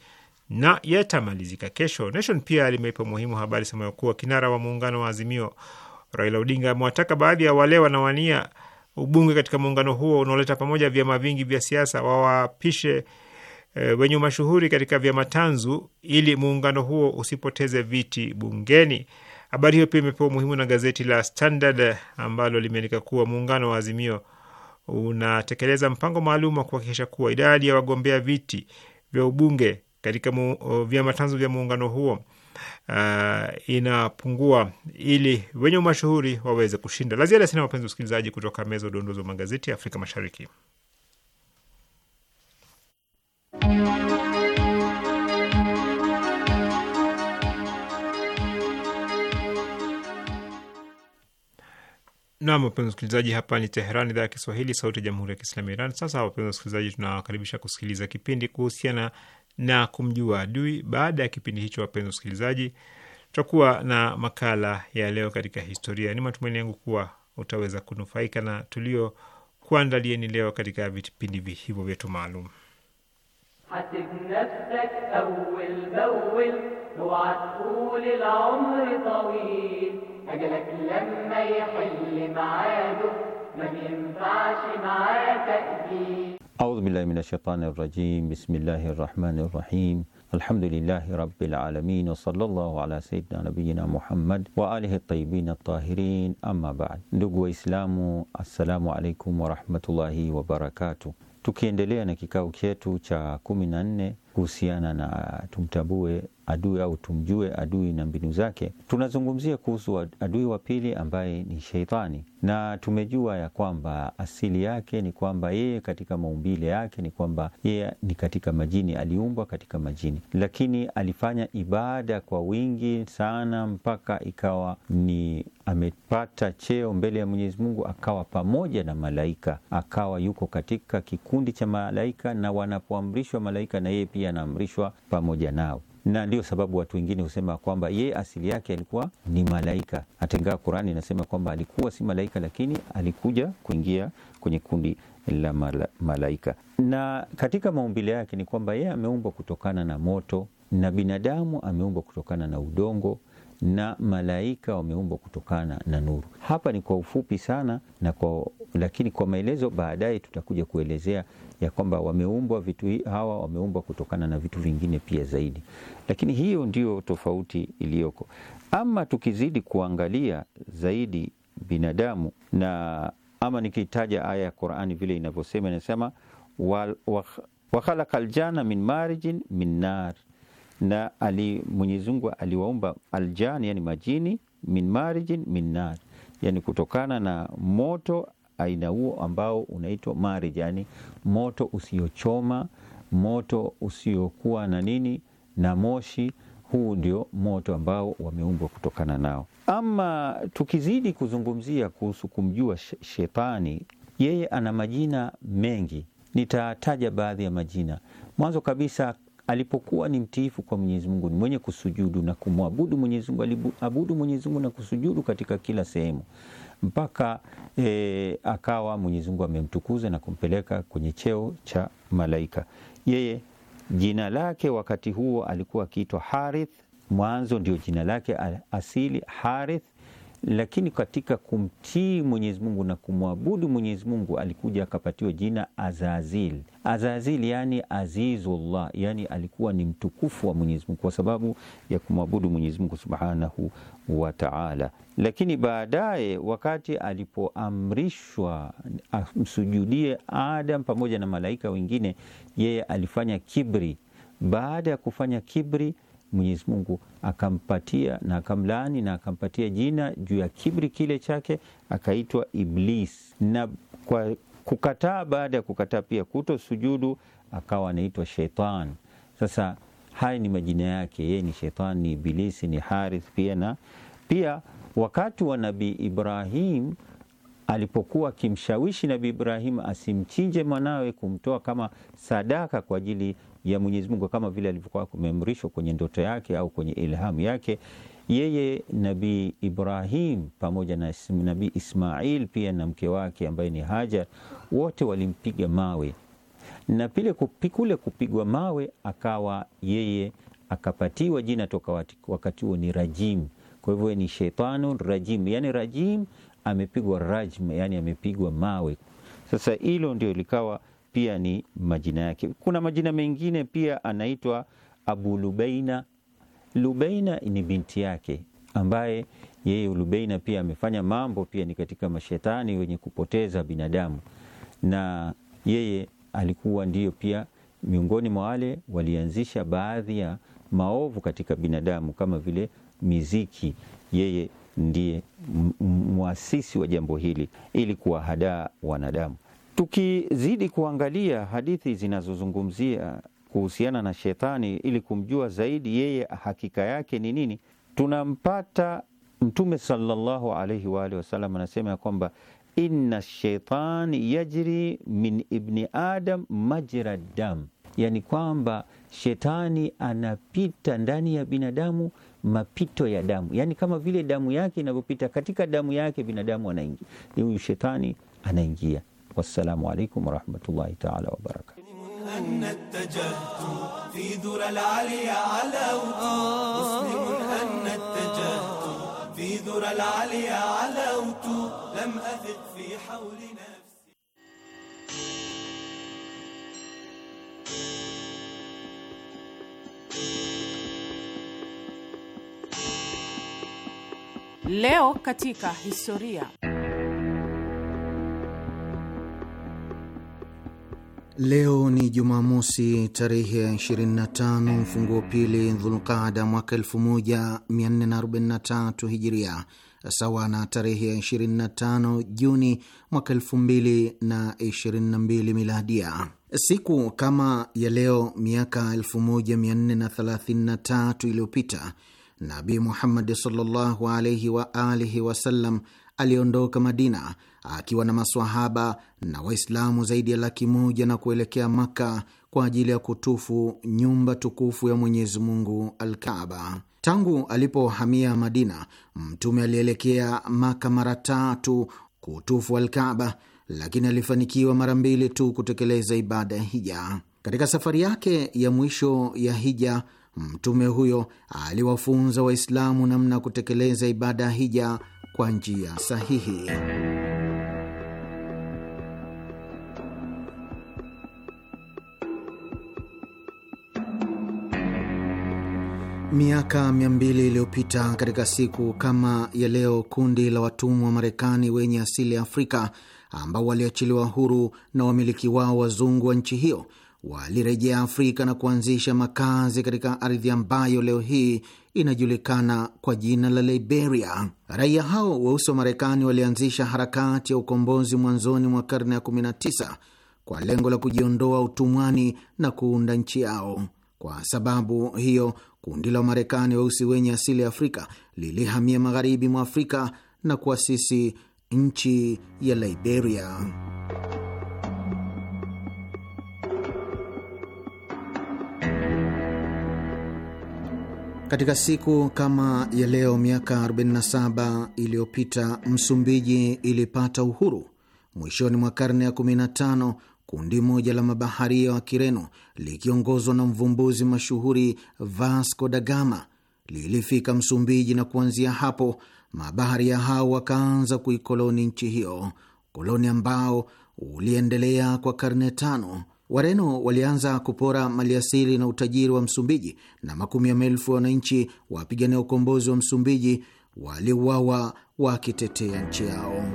na yatamalizika kesho. Nation pia limeipa muhimu habari semayo kuwa kinara wa muungano wa Azimio Raila Odinga amewataka baadhi ya wale wanawania ubunge katika muungano huo unaoleta pamoja vyama vingi vya siasa wawapishe Eh, wenye umashuhuri katika vyama tanzu ili muungano huo usipoteze viti bungeni. Habari hiyo pia imepewa umuhimu na gazeti la Standard ambalo limeandika kuwa muungano wa Azimio unatekeleza mpango maalum wa kuhakikisha kuwa idadi ya wagombea viti vya ubunge katika vyama tanzu vya muungano huo Uh, inapungua ili wenye umashuhuri waweze kushinda. La ziada sina, wapenzi usikilizaji, kutoka meza udondozi wa magazeti ya Afrika Mashariki. Nam, wapenzi wasikilizaji, hapa ni Teheran, idhaa ya Kiswahili, sauti ya jamhuri ya kiislamu ya Iran. Sasa wapenzi wasikilizaji, tunawakaribisha kusikiliza kipindi kuhusiana na kumjua adui. Baada ya kipindi hicho, wapenzi wasikilizaji, tutakuwa na makala ya leo katika historia. Ni matumaini yangu kuwa utaweza kunufaika na tulio kuandalieni leo katika vipindi hivyo vyetu maalum. أجلك لما يحل معاده ما بينفعش معاه تأجيل أعوذ بالله من الشيطان الرجيم بسم الله الرحمن الرحيم الحمد لله رب العالمين وصلى الله على سيدنا نبينا محمد وآله الطيبين الطاهرين أما بعد ndugu waislamu السلام عليكم ورحمة الله tukiendelea na kikao chetu cha kumi na nne kuhusiana na tumtambue adui au tumjue adui na mbinu zake. Tunazungumzia kuhusu adui wa pili ambaye ni Sheitani, na tumejua ya kwamba asili yake ni kwamba yeye katika maumbile yake ni kwamba yeye ni katika majini, aliumbwa katika majini, lakini alifanya ibada kwa wingi sana mpaka ikawa ni amepata cheo mbele ya Mwenyezi Mungu, akawa pamoja na malaika, akawa yuko katika kikundi cha malaika, na wanapoamrishwa malaika na yeye pia anaamrishwa pamoja nao na ndio sababu watu wengine husema kwamba ye asili yake alikuwa ni malaika, hata ingawa Qurani inasema kwamba alikuwa si malaika, lakini alikuja kuingia kwenye kundi la malaika. Na katika maumbile yake ni kwamba yeye ameumbwa kutokana na moto na binadamu ameumbwa kutokana na udongo na malaika wameumbwa kutokana na nuru. Hapa ni kwa ufupi sana na kwa lakini kwa maelezo baadaye tutakuja kuelezea ya kwamba wameumbwa vitu hawa wameumbwa kutokana na vitu vingine pia zaidi, lakini hiyo ndio tofauti iliyoko. Ama tukizidi kuangalia zaidi binadamu na ama nikitaja aya ya Qur'ani vile inavyosema, inasema wa khalaqa aljana min marijin min nar, na ali Mwenyezi Mungu aliwaumba aljani, yani majini, min marijin min nar, yani kutokana na moto aina huo ambao unaitwa marriage, yani moto usiochoma, moto usiokuwa na nini na moshi. Huu ndio moto ambao wameumbwa kutokana nao. Ama tukizidi kuzungumzia kuhusu kumjua shetani, yeye ana majina mengi, nitataja baadhi ya majina. Mwanzo kabisa alipokuwa ni mtiifu kwa Mwenyezi Mungu, ni mwenye kusujudu na kumwabudu Mwenyezi Mungu, aliabudu Mwenyezi Mungu na kusujudu katika kila sehemu mpaka e, akawa Mwenyezi Mungu amemtukuza na kumpeleka kwenye cheo cha malaika. Yeye jina lake wakati huo alikuwa akiitwa Harith, mwanzo ndio jina lake asili Harith lakini katika kumtii Mwenyezi Mungu na kumwabudu Mwenyezi Mungu alikuja akapatiwa jina Azazil. Azazil yani Azizullah, yani alikuwa ni mtukufu wa Mwenyezi Mungu kwa sababu ya kumwabudu Mwenyezi Mungu Subhanahu wa Ta'ala. Lakini baadaye wakati alipoamrishwa amsujudie Adam pamoja na malaika wengine, yeye alifanya kibri. Baada ya kufanya kibri Mwenyezi Mungu akampatia na akamlaani na akampatia jina juu ya kibri kile chake, akaitwa Iblis, na kwa kukataa, baada ya kukataa pia kuto sujudu, akawa anaitwa Shetani. Sasa haya ni majina yake, yeye ni shetan ni iblisi ni Harith pia na pia wakati wa Nabii Ibrahim alipokuwa akimshawishi Nabii Ibrahim asimchinje mwanawe kumtoa kama sadaka kwa ajili ya Mwenyezi Mungu kama vile alivyokuwa kumeamrishwa kwenye ndoto yake au kwenye ilhamu yake. Yeye Nabii Ibrahim pamoja na Nabii Ismail pia na mke wake ambaye ni Hajar, wote walimpiga mawe, na pile kule kupigwa mawe akawa yeye akapatiwa jina toka wakati huo ni Rajim. Kwa hivyo ni sheitanu rajim, yani rajim amepigwa rajm, yani amepigwa mawe. Sasa hilo ndio likawa pia ni majina yake. Kuna majina mengine pia anaitwa Abu Lubaina. Lubaina ni binti yake ambaye yeye Lubaina pia amefanya mambo pia ni katika mashetani wenye kupoteza binadamu, na yeye alikuwa ndiyo pia miongoni mwa wale walianzisha baadhi ya maovu katika binadamu kama vile miziki. Yeye ndiye mwasisi wa jambo hili ili kuwahadaa wanadamu. Tukizidi kuangalia hadithi zinazozungumzia kuhusiana na shetani ili kumjua zaidi yeye hakika yake ni nini, tunampata Mtume sallallahu alaihi wa alihi wasallam anasema ya kwamba inna shaitani yajri min ibni adam majra dam, yani kwamba shetani anapita ndani ya binadamu mapito ya damu, yani kama vile damu yake inavyopita katika damu yake binadamu anaingia, huyu shetani anaingia والسلام عليكم ورحمة الله تعالى وبركاته أن اتجهت في ذرى العليا علو مسلم أن اتجهت في ذرى العليا علوت لم أثق في حول نفسي Leo katika historia. Leo ni Jumamosi, tarehe ya 25 mfunguo pili Dhulqada mwaka 1443 Hijiria, sawa na tarehe 25 Juni mwaka 2022 Miladia. Siku kama ya leo miaka 1433 iliyopita Nabi Muhammadi sallallahu alaihi wa alihi wasallam aliondoka Madina akiwa na maswahaba na Waislamu zaidi ya laki moja na kuelekea Maka kwa ajili ya kutufu nyumba tukufu ya Mwenyezi Mungu, Alkaaba. Tangu alipohamia Madina, Mtume alielekea Maka mara tatu kutufu alkaba lakini alifanikiwa mara mbili tu kutekeleza ibada ya hija. Katika safari yake ya mwisho ya hija, mtume huyo aliwafunza Waislamu namna ya kutekeleza ibada ya hija kwa njia sahihi. Miaka mia iliyopita katika siku kama ya leo, kundi la watumwa wa Marekani wenye asili ya Afrika ambao waliachiliwa huru na wamiliki wao wazungu wa nchi hiyo walirejea Afrika na kuanzisha makazi katika ardhi ambayo leo hii inajulikana kwa jina la Liberia. Raia hao weusi wa Marekani walianzisha harakati ya ukombozi mwanzoni mwa karne ya 19 kwa lengo la kujiondoa utumwani na kuunda nchi yao. Kwa sababu hiyo kundi la Wamarekani weusi wenye asili ya Afrika lilihamia magharibi mwa Afrika na kuasisi nchi ya Liberia. Katika siku kama ya leo miaka 47 iliyopita Msumbiji ilipata uhuru. Mwishoni mwa karne ya 15 kundi moja la mabaharia wa Kireno likiongozwa na mvumbuzi mashuhuri Vasco da Gama lilifika Msumbiji, na kuanzia hapo mabaharia hao wakaanza kuikoloni nchi hiyo, koloni ambao uliendelea kwa karne tano. Wareno walianza kupora maliasili na utajiri wa Msumbiji, na makumi ya maelfu ya wananchi wapigania ukombozi wa Msumbiji waliuawa wakitetea nchi yao.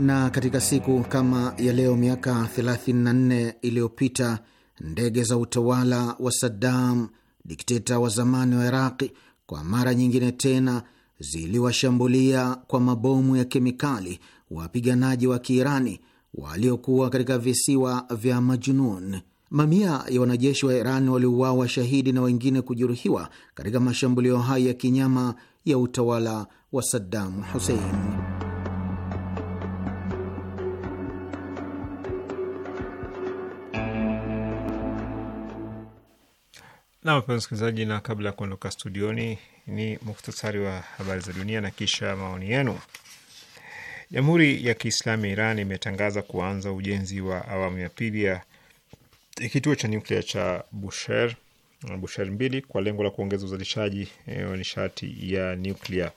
Na katika siku kama ya leo miaka 34 iliyopita ndege za utawala wa Saddam, dikteta wa zamani wa Iraqi, kwa mara nyingine tena ziliwashambulia kwa mabomu ya kemikali wapiganaji wa Kiirani waliokuwa katika visiwa vya Majunun. Mamia ya wanajeshi wa Iran waliuawa shahidi na wengine kujeruhiwa katika mashambulio hayo ya kinyama ya utawala wa Saddam Hussein. Na wapenzi msikilizaji, na kabla ya kuondoka studioni ni muhtasari wa habari za dunia na kisha maoni yenu. Jamhuri ya Kiislamu ya Iran imetangaza kuanza ujenzi wa awamu ya pili ya kituo cha nyuklia cha Busher Busher mbili kwa lengo la kuongeza uzalishaji eh, wa nishati ya nyuklia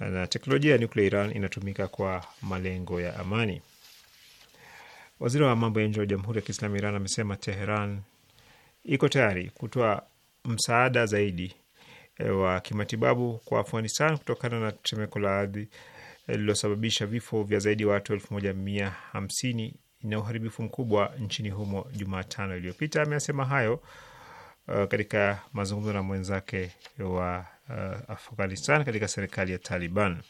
na teknolojia ya nyuklia Iran inatumika kwa malengo ya amani. Waziri wa mambo ya nje wa Jamhuri ya Kiislamu Iran amesema Teheran iko tayari kutoa msaada zaidi e, wa kimatibabu kwa Afghanistan kutokana na tetemeko la ardhi e, lililosababisha vifo vya zaidi ya watu elfu moja mia hamsini na uharibifu mkubwa nchini humo Jumatano iliyopita. ameasema hayo uh, katika mazungumzo na mwenzake wa uh, Afghanistan katika serikali ya Taliban.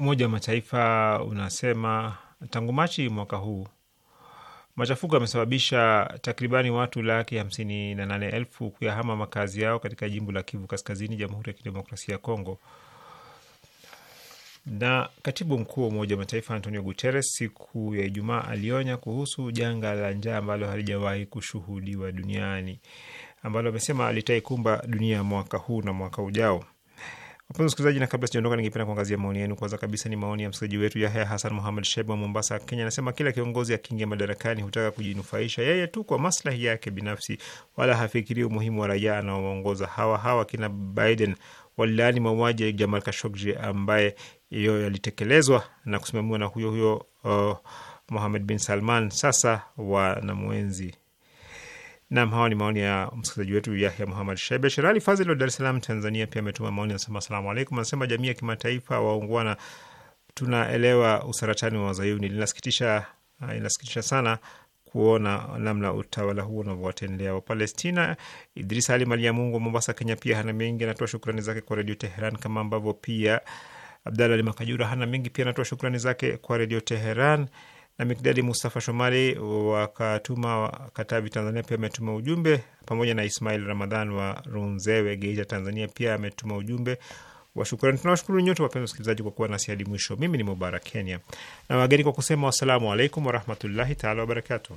Umoja wa Mataifa unasema tangu Machi mwaka huu Machafuko yamesababisha takribani watu laki hamsini na nane elfu kuyahama makazi yao katika jimbo la Kivu Kaskazini, Jamhuri ya Kidemokrasia ya Kongo. Na katibu mkuu wa Umoja wa Mataifa Antonio Guterres siku ya Ijumaa alionya kuhusu janga la njaa ambalo halijawahi kushuhudiwa duniani ambalo amesema litaikumba dunia mwaka huu na mwaka ujao. Wapenzi wasikilizaji, na kabla sijaondoka, ningependa kuangazia maoni yenu. Kwanza kabisa ni maoni ya msikilizaji wetu Yahya Hasan Muhamed Sheba wa Mombasa, Kenya. Anasema kila kiongozi akiingia madarakani hutaka kujinufaisha yeye tu kwa maslahi yake binafsi, wala hafikirii umuhimu wa raia anaowaongoza. Hawa hawa kina Biden walilaani mauaji ya Jamal Kashogji ambaye hiyo yalitekelezwa na kusimamiwa na huyo huyo uh, Mohamed bin Salman. Sasa wanamwenzi Nam, hawa ni maoni ya msikilizaji wetu Yahya Muhamad Shebe. Sherali Fazil wa Dar es Salaam, Tanzania, pia ametuma maoni, anasema asalamu alaikum. Anasema jamii ya kimataifa waungwana, tunaelewa usaratani wa wazayuni. Linasikitisha, ah, inasikitisha sana kuona namna utawala huo unavyowatendea Wapalestina. Idris Ali Mali ya Mungu wa Mombasa, Kenya, pia hana mengi, anatoa shukrani zake kwa Redio Teheran, kama ambavyo pia Abdalali Makajura hana mengi, pia anatoa shukrani zake kwa Redio Teheran na Mikdadi Mustafa Shomali wakatuma Katavi, Tanzania, pia ametuma ujumbe, pamoja na Ismail Ramadhan wa Runzewe, Geita, Tanzania, pia ametuma ujumbe wa shukrani. Tunawashukuru nyote wapenzi wasikilizaji kwa kuwa nasi hadi mwisho. Mimi ni Mubarak Kenya na wageni kwa kusema wassalamu alaikum warahmatullahi taala wabarakatuh.